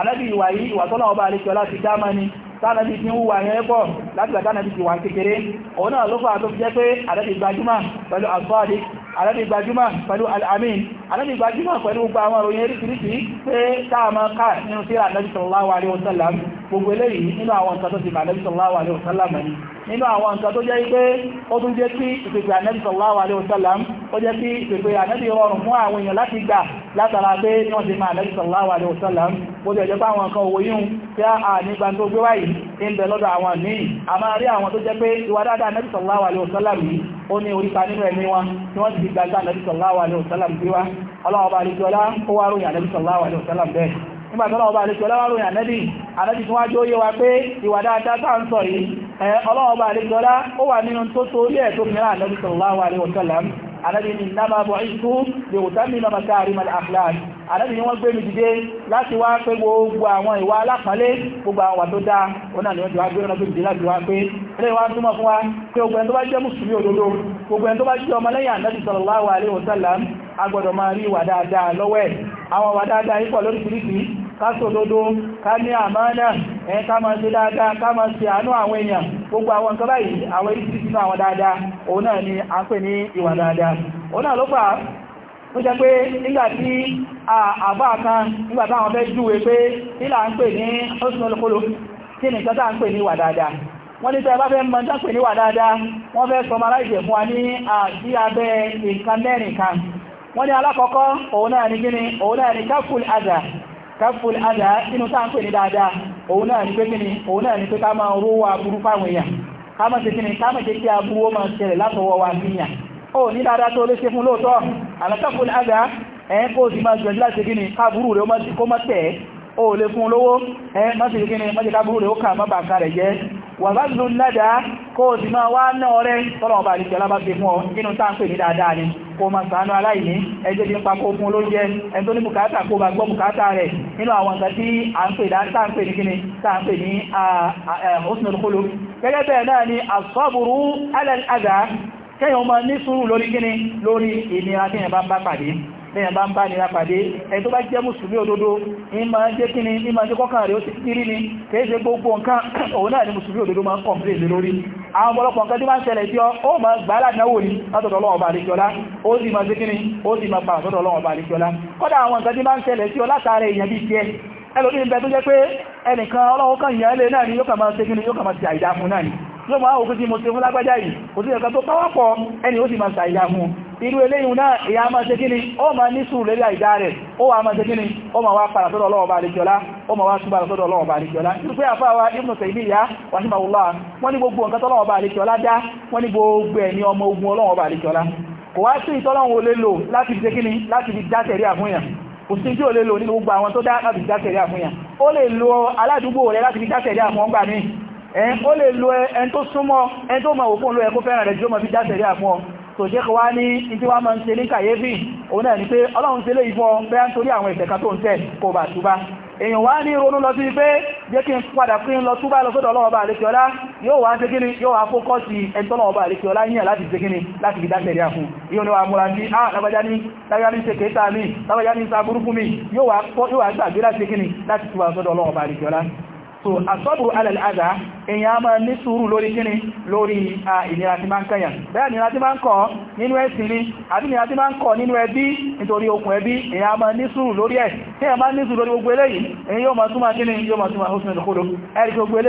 S1: anábì ìwà yìí ìwà tọ́lọ̀ ọba àlejò láti dámà ni tánàbí ti ń wúwa yẹn pọ̀ láti gbà tánàbí ti wà kékeré òun náà ló fà tó fi jẹ́ pé anábì gbajúmọ̀ pẹ̀lú àgbọ́ọ̀dì anábì gbajúmọ̀ pẹ̀lú al-amin anábì gbajúmọ̀ pẹ̀lú gbogbo àwọn òròyìn eréṣiríṣi pé táàmà ká nínú síra anábì sallallahu alaihi wasallam gbogbo nínú àwọn nǹkan tó jẹ́ pé ó tún jẹ́ kí ìpèpè ànẹ́bì sallallahu alaihi wasallam ó jẹ́ kí ìpèpè ànẹ́bì rọrùn fún àwọn èèyàn láti gbà látara pé wọ́n ti máa ànẹ́bì sallallahu alaihi wasallam bó jẹ́ jẹ́ pé àwọn nǹkan owó yíhun tí a nígbà tó gbé wáyìí ń bẹ lọ́dọ̀ àwọn míì a máa rí àwọn tó jẹ́ pé ìwà dáadáa ànẹ́bì sallallahu alaihi wasallam yìí ó ní orípa nínú ẹ̀mí wọn tí wọ́n ti gbàgbà ànẹ́bì sallallahu alaihi wasallam bí wá ọlọ́wọ́ bá rí jọlá ó wá ròyìn ànẹ́bì sallallahu alaihi wasallam bẹ́ẹ̀ nígbàtọ́lọ́wọ́ bá àlejò ọlọ́rọ̀ ànẹ́bì ànẹ́bì tí wọ́n jó yé wa pé ìwà dáadáa tá ń sọ yìí ọlọ́wọ́ bá àlejò ọlá ó wà nínú tó torí ẹ̀ tó mìíràn ànẹ́bì sallallahu alaihi wasallam ànẹ́bì ní innama bu'ithtu li utammima makarima ni wọ́n gbé mi dìde láti wá pé gbogbo àwọn ìwà alápọ̀nlé gbogbo àwọn wà tó ni wọ́n ti wá gbé ọ̀nà tó láti wá pé ilé wa agbọ́dọ̀ máa rí ìwà dáadáa lọ́wọ́ ẹ̀ àwọn ìwà dáadáa yípo lóríṣiríṣi ká sòdodo ká ní àmánà ẹ̀ ká máa ṣe dáadáa ká ṣe àánú àwọn gbogbo àwọn nǹkan báyìí àwọn oríṣiríṣi náà àwọn dáadáa òun náà ni a pè ní ìwà dáadáa òun náà ló fà ó jẹ́ pé nígbàtí àbá kan nígbàtí àwọn fẹ́ júwe pé ń pè ní kí ni kátà ń wọ́n ní alákọ̀ọ́kọ́ òun náà ni gíní òun náà ni káfùl àdá káfùl àdá inú táǹpẹ̀ ní dáadáa òun náà ni pé gíní òun náà ni pé ká máa rówó aburú fáwọn èèyàn ká máa ṣe kíní ká máa ṣe kí aburú ó máa ṣẹlẹ̀ látọwọ́ wa níyàn o lè fún olówó ẹ mọ́sí kí ni mọ́sí kábúrú rẹ̀ ó kà mọ́bà nǹkan rẹ̀ jẹ́ wà bá lù ládá kó o sì máa wá náà rẹ̀ tọ́lọ̀ ọba àdìsẹ̀ lábá fi fún ọ nínú táǹpè ní dáadáa ni kó máa ṣàánú aláìní ẹjẹ́ ti ń pa kó fún olóúnjẹ ẹni tó ní bùkátà kó bá gbọ́ bùkátà rẹ̀ nínú àwọn nǹkan tí à ń pè dá táǹpè ní kíni táǹpè ní husnul khuluq gẹ́gẹ́ bẹ́ẹ̀ náà ni as ala al-adha kẹ́yìn ọmọ ní sùúrù lórí kíni lórí ìnira tí yẹn bá ń bá lẹ́yìn bá ń bá nira pàdé ẹni tó bá jẹ́ mùsùlùmí òdodo ní ma ń jẹ́ kíni ní ma ń jẹ́ kọ́kàn rẹ̀ ó ti kiri ni kìí ṣe gbogbo nǹkan <clears throat> òun náà ni mùsùlùmí òdodo máa ń kọ̀m̀pìlẹ̀ lórí àwọn ọ̀pọ̀lọpọ̀ nǹkan tí máa ń ṣẹlẹ̀ sí ó ma gbà á ni látọ̀dọ̀ ọlọ́wọ̀ irú eléyìn náà ìyá máa ṣe kíni ó máa ní sùúrù lórí àìdá rẹ̀ ó wà máa ṣe kíni ó máa wá padà sọ́dọ̀ ọlọ́ọ̀bà àlejọ́lá ó máa wá túbà sọ́dọ̀ ọlọ́ọ̀bà àlejọ́lá irúgbé àfáwà Ibn Taymiyyah wàṣíbàwòlá wọ́n ní gbogbo nǹkan tọ́lọ́ọ̀bà àlejọ́lá dá wọ́n ní gbogbo ẹ̀ ní ọmọ ogun ọlọ́ọ̀bà àlejọ́lá kò wá sí ìtọ́lọ́run olè lò láti fi ṣe kíni láti fi dá tẹ̀rí àfúnyàn òsìn tí ó lè lò nínú gbogbo àwọn lo aládùúgbò tó súnmọ́ ẹn tó mọ̀ òkun lo ẹ̀kọ́ fẹ́ràn rẹ̀ jí ó mọ̀ fi dá tẹ̀rí àfúnyàn so ṣe kọwa ní ìdí wá máa ń ṣe ní kàyéfì òun náà ni pé ọlọ́run ṣe lè ìfọ́ bẹ́ẹ̀ ń torí àwọn ìṣẹ̀kan tó ń tẹ̀ kò bà túbá èèyàn wá ní ronú lọ sí pé jẹ́ kí n padà pín lọ túbá lọ sọ́dọ̀ ọlọ́ọ̀bá àlékiọlá yóò wá ṣe kíni yóò wá fókọ́sì ẹ̀tọ́lọ́ọ̀bá àlékiọlá yíyàn láti ṣe kíni láti fi dáṣẹ̀rí àfún yóò ní wa múra ní à lágbàjá ní so asọ́bùrù alàlàdà èyàn a máa ní sùúrù lórí kíni lórí ìnira tí máa ń kẹyàn bẹ́ẹ̀ nira tí máa ń kọ́ nínú ẹ̀sìn rí àbí nira tí máa ń kọ́ nínú ẹbí nítorí okùn ẹbí èyàn a máa ní sùúrù lórí ẹ̀ tí ní sùúrù lórí gbogbo yóò máa kíni yóò máa ìdókòdó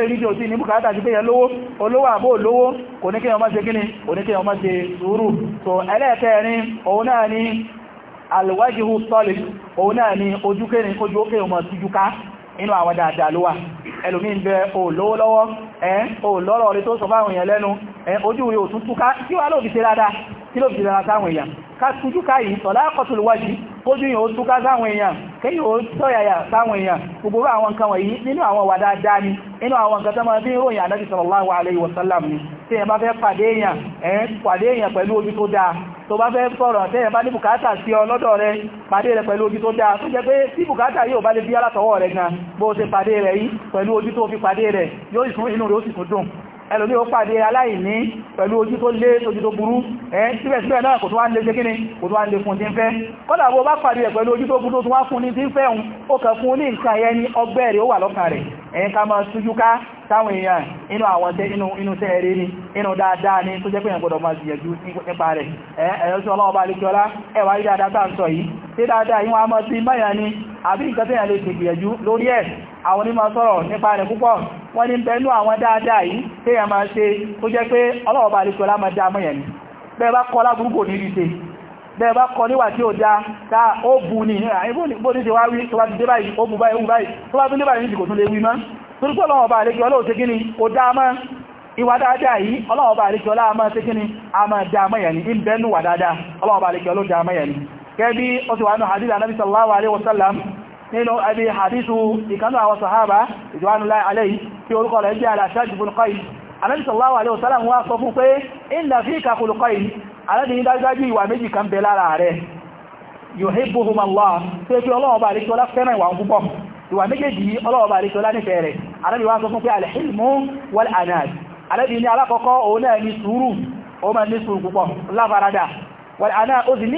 S1: tí gbogbo ní bùkátà lówó olówó àbó olówó kò ní ṣe kíni kò ní ṣe sùúrù so òun náà ni ọmọ ẹlòmí ń bẹ olówó lọ́wọ́ ẹ̀ olọ́rọ̀ orí tó sọ fáwọn èèyàn lẹ́nu ojú ìwé òtútù ká kí wà lóòfin ṣe dáadáa kí ló fi dára sáwọn èèyàn ká tújú káyìí tọ̀lá àkọsùlù wájú kójú yìí ó túká sáwọn èèyàn kéyìí ó tọ́yàyà sáwọn èèyàn gbogbo àwọn nǹkan wọ̀nyí nínú àwọn wà dáadáa ni nínú àwọn nǹkan tó máa bí ròyìn ànábì sallallahu alaihi wasallam ni tí ẹ bá fẹ́ pàdé èèyàn ẹ̀ pàdé èèyàn pẹ̀lú ojú tó dáa tó bá fẹ́ sọ̀rọ̀ tẹ́yẹ bá ní bùkátà sí ọ lọ́dọ̀ rẹ pàdé rẹ pẹ̀lú ojú tó dáa tó jẹ́ pé tí bùkátà yóò bá lè bí alátọwọ́ rẹ gan bó ṣe pàdé rẹ yìí pẹ̀lú ẹlòmí ó pàdé aláìní pẹ̀lú ojú tó lé ojú tó burú ẹ́ síbẹ̀síbẹ̀ náà kò tó wá ń lé jẹ́ kíní kò tó wá ń lé fún tí ń fẹ́ kọ́nà bó bá pàdé rẹ̀ pẹ̀lú ojú tó burú tó wá fún ní tí ń fẹ́ hun ó kẹ fún ní nǹkan ẹ̀ ní ọgbẹ́ rẹ̀ ó wà ẹ̀yìn ká máa sújú ká táwọn èèyàn inú àwọn tẹ inú tẹ ẹ̀rẹ́ ni inú dáadáa ni tó jẹ́ pé ẹ̀gbọ́dọ̀ máa gbìyànjú nípa rẹ̀ ẹ̀yọ́ sí ọlọ́wọ́ bá lè kíọlá ẹwà rí dáadáa tá ń sọ yìí ni àbí nǹkan wọ́n ní bẹ̀lú àwọn dáadáa yìí tí a máa ṣe ó jẹ́ pé ọlọ́ọ̀bà àríkọlá máa dá mọ́ yẹn bẹ́ẹ̀ bá kọ́ lábúrúkò ní rí ṣe bẹ́ẹ̀ bá kọ níwà tí ó dá tá ó bu ní ìbóní ṣe wá wí tó bá ti dé báyìí ó bu báyìí tó bá tún dé báyìí kò tún lè wí mọ́ torí pé ọlọ́ọ̀bà àríkọlá ò ṣe kí ni ó dá mọ́ ìwà dáadáa yìí ọlọ́ọ̀bà àríkọlá máa ṣe kí ni a máa dá mọ́ yẹn ní ìbẹ́nu wà dáadáa ọlọ́ọ̀bà àríkọlá ó dá mọ́ yẹn ní gẹ́bí ó ti wà nù hadith anábì sallallahu alaihi wasallam nínú àbí hadisu ìkanú àwọn sahaba ìjọ́wánúlá aláì tí orúkọ rẹ̀ jẹ́ aláṣájú bin qaid anábi sallallahu alaihi wasallam wá sọ fún pé inna fika khuluqayn alábi ní dájájú ìwà méjì kan bẹ lára rẹ̀ yuhibbuhum Allah tí ó fi ọlọ́wọ́ bá àríkọ́lá fẹ́ràn ìwà púpọ̀ ìwà méjèèjì ọlọ́wọ́ bá àríkọ́lá nífẹ̀ẹ́ rẹ̀ alábi wá sọ fún pé alhilmu wal anad alábi ní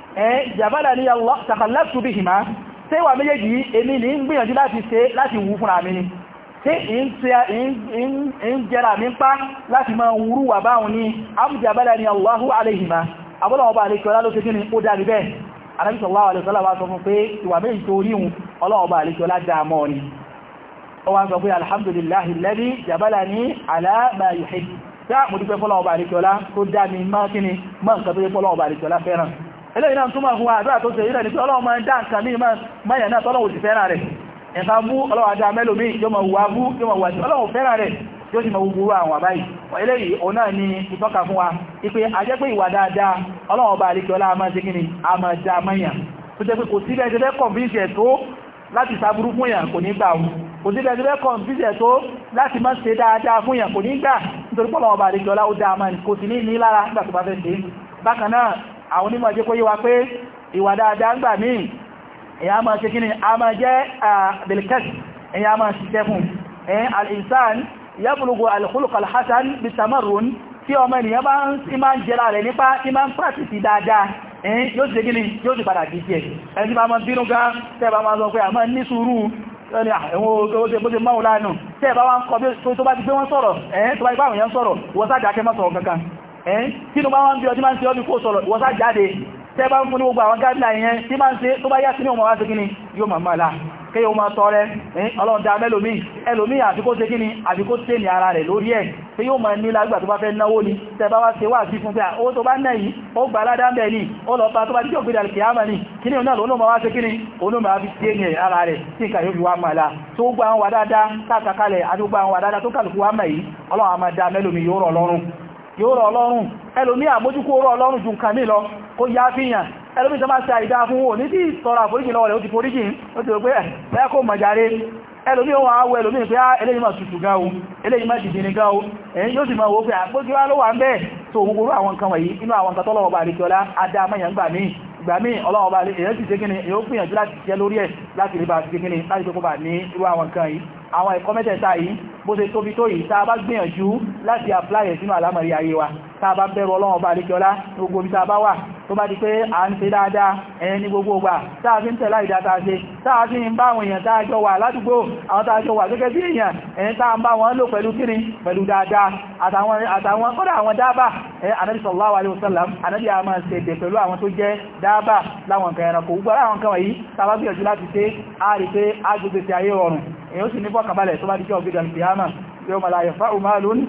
S1: ìjàbádà ní Allah takallaftu bihima tí wà méjèèjì èmi ní ń gbìyànjú láti ṣe láti wú fúnra mi ni tí in jẹra mi pa láti máa wúrú wà báhùn ní amjàbádà ní Allahu alayhima abúlọ̀wọ̀bá alẹ́kọ̀ọ́lá ló fi kí ni ó dárí bẹ́ẹ̀ Ànábì sallallahu alaihi wasallam sọ fún pé ìwà méjì tó ríhun ọlọ́ọ̀bá alẹ́kọ̀ọ́lá dáamọ́ ni ó wá sọ pé alhamdulillahi alladhi jabalani ala ma yuhibbu tá mo dúpẹ́ fọ́lọ́ọ̀bá alẹ́kọ̀ọ́lá tó eléyìí náà túnmọ̀ fún àdúrà tó ṣe ìrẹ̀ ní pé ọlọ́run máa ń dá nǹkan míì mọ́yàn náà tọ́lọ́wò sì fẹ́ràn rẹ̀ ẹ̀fà bú ọlọ́run adá mẹ́lòmí yóò mọ̀ wà bú yóò mọ̀ wà sí ọlọ́run fẹ́ràn rẹ̀ yóò sì mọ̀ gbogbo àwọn àbáyìí eléyìí òun náà ni ìtọ́ka fún wa ipe ajẹ́ pé ìwà dáadáa ọlọ́run ọba àríkẹ́ ọlá máa ń ṣe kí ni a máa dá mọ́yàn tó jẹ́ pé kò sí bẹ́ẹ̀ tẹ́lẹ̀ kọ̀ǹfíìsì ẹ̀ tó láti sáburú fún yàn kò ní gbà ó kò sí bẹ́ẹ̀ tẹ́lẹ̀ kọ̀ǹfíìsì ẹ̀ tó láti máa ṣe dáadáa fún yàn kò ní gbà nítorí pọ́lọ́run ọba àríkẹ́ ọlá ó dá máa kò sí ní ní lára nígbà tó bá fẹ́ ṣe bákan náà àwọn onímọ̀ jẹ́ kó yíwa pé ìwà dáadáa gbà ní èyà máa ṣe kíni a máa jẹ́ bilkes èyà máa ṣiṣẹ́ fún ẹ̀yìn al'insan ya bulugu alkhulukal hassan bi tamarun tí ọmọ ènìyàn bá ń máa jẹ́ra rẹ̀ nípa tí máa ń pàtìsì dáadáa ẹ̀yìn yóò ṣe kíni yóò sì padà jíjẹ ẹni bá máa bínú gan tẹ́bà máa sọ pé a máa ní sùúrù ẹni àwọn oṣèbóṣe máa lánàá tẹ́bà wá ń kọ bí tó bá ti gbé wọ́n sọ̀rọ̀ ẹ̀yìn tó bá ti bá àwọn èèyàn sọ̀rọ̀ wọ́n sáàjà kẹ́ mọ́ sọ̀rọ̀ kankan ẹ́n tí ló bá wá ń bí ọdí máa ń tí ọdún kó sọ̀rọ̀ ìwọ́sá jáde tẹ́ bá ń fún ní gbogbo àwọn gáàdìlà ìyẹn tí máa ń tí tó bá yá sí ní ọmọ wá sí kíní yóò máa máa láà kéyà o máa tọrẹ ọlọ́dá mẹ́lòmí ẹlòmí àfikó tẹ́ kíní àfikó tẹ́ ní ara rẹ̀ lórí ẹ̀ tí yóò máa ní lágbà tó bá fẹ́ náwó ni tẹbá wá ṣe wà sí fún pé owó tó bá náà yìí ó gbà ládàmbẹ̀ ní ọlọ́pàá tó bá jíjọ gbé dàlùkì àmà ní kíní ọ̀nà lónà máa wá sí kíní olóòmà fi tẹ́ ní ara rẹ̀ tí nǹkan yóò fi wá màlá tó gbà ń wà dáadáa tàkàkalẹ̀ àti gbà ń wà dáadáa tó kàlùkù wá mà yìí ọlọ́run a máa dá mẹ́lòmí yóò rọ̀ lọ́rùn àsìkò rọ̀ ọlọ́run ẹlòmí àmójúkú rọ̀ ọlọ́run jù nǹkan mí lọ kó yá fíyàn ẹlòmí tó máa ṣe àìdá fún òní tí ìtọ́ra àforíjì lọ́wọ́ rẹ̀ ó ti foríjì ó ti rò pé ẹ̀ eh, kó mọ̀járe ẹlòmí wọn àwọ ẹlòmí pé ah, eléyìí máa tutù gan o máa dìde ní gan ẹ̀yìn yóò sì máa wo pé àpójú ah, ló wà ń bẹ́ẹ̀ tó gbogbo àwọn nǹkan wọ̀nyí inú àwọn nǹkan tọ́lọ́wọ́ ìgbà míì ọlọ́wọ́ bá lè èyàn sì ṣe kíni èyàn gbìyànjú láti jẹ́ lórí ẹ̀ láti rí bá ṣe kíni láti tó kó bà ní irú àwọn nǹkan yìí àwọn ẹ̀kọ́ mẹ́tẹ̀ẹ̀ta yìí bó ṣe tóbi tó yìí tá a bá gbìyànjú láti apply ẹ̀ sínú àlámọ̀rí ayé wa tá a bá bẹ̀rù ọlọ́wọ́ bá lè kíọlá gbogbo ibi tá a bá wà tó bá di pé à ń ṣe dáadáa ẹ̀yẹn ní gbogbo ìgbà tá a fi ń tẹ̀lá ìdá tá ṣe tá fi ń bá àwọn èèyàn tá jọ wà ládùúgbò àwọn tá jọ wà gẹ́gẹ́ bí èèyàn ẹ̀yẹn tá ń bá wọn lò pẹ̀lú kíni pẹ̀lú dáadáa àtàwọn kódà dábà láwọn nǹkan ẹranko gbogbo àwọn nǹkan wọ̀nyí tàbá gbìyànjú láti ṣe a rí pé agbègbè ti ayé rọrùn èyí ó sì ní bọ́kàbalẹ̀ tó bá díjọ́ ọgbẹ̀dọ̀ ìpìyàmà yawma la yanfa'u malun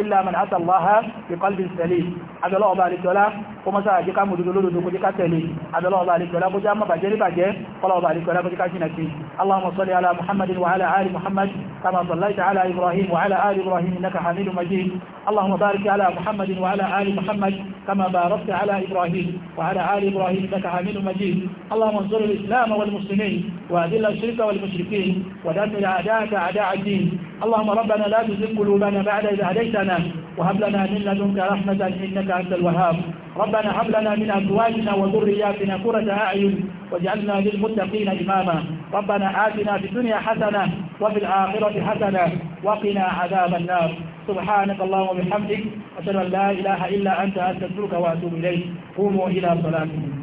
S1: illa man ata Allaha biqalbin salim abẹ́lọ́wọ́ bá alìkọ́lá kó mọ́ sára jẹ́ ká mọ̀ dúdú lódòdó kó jẹ́ ká tẹ̀lé abẹ́lọ́wọ́ bá alìkọ́lá kó já mọ́ bàjẹ́ rí bàjẹ́ kọ́lọ́wọ́ bá alìkọ́lá kó jẹ́ ká jìnà sí allahumma salli ala muhammadin wa ala ali muhammad kama sallaita ala ibrahim wa ala ali ibrahim innaka hamidum majid allahumma barik ala muhammadin wa ala ali muhammad كما باركت على إبراهيم وعلى آل إبراهيم إنك حميد مجيد اللهم انصر الإسلام والمسلمين وأذل الشرك والمشركين ودمر أعداءك أعداء الدين اللهم ربنا لا تزغ قلوبنا بعد إذ هديتنا وهب لنا من لدنك رحمة إنك أنت الوهاب ربنا هب لنا من أزواجنا وذرياتنا قرة أعين واجعلنا للمتقين إماما ربنا آتنا في الدنيا حسنة وفي الآخرة حسنة وقنا عذاب النار سبحانك اللهم وبحمدك أشهد أن لا إله إلا أنت أستغفرك وأتوب إليك قوموا إلى صلاتكم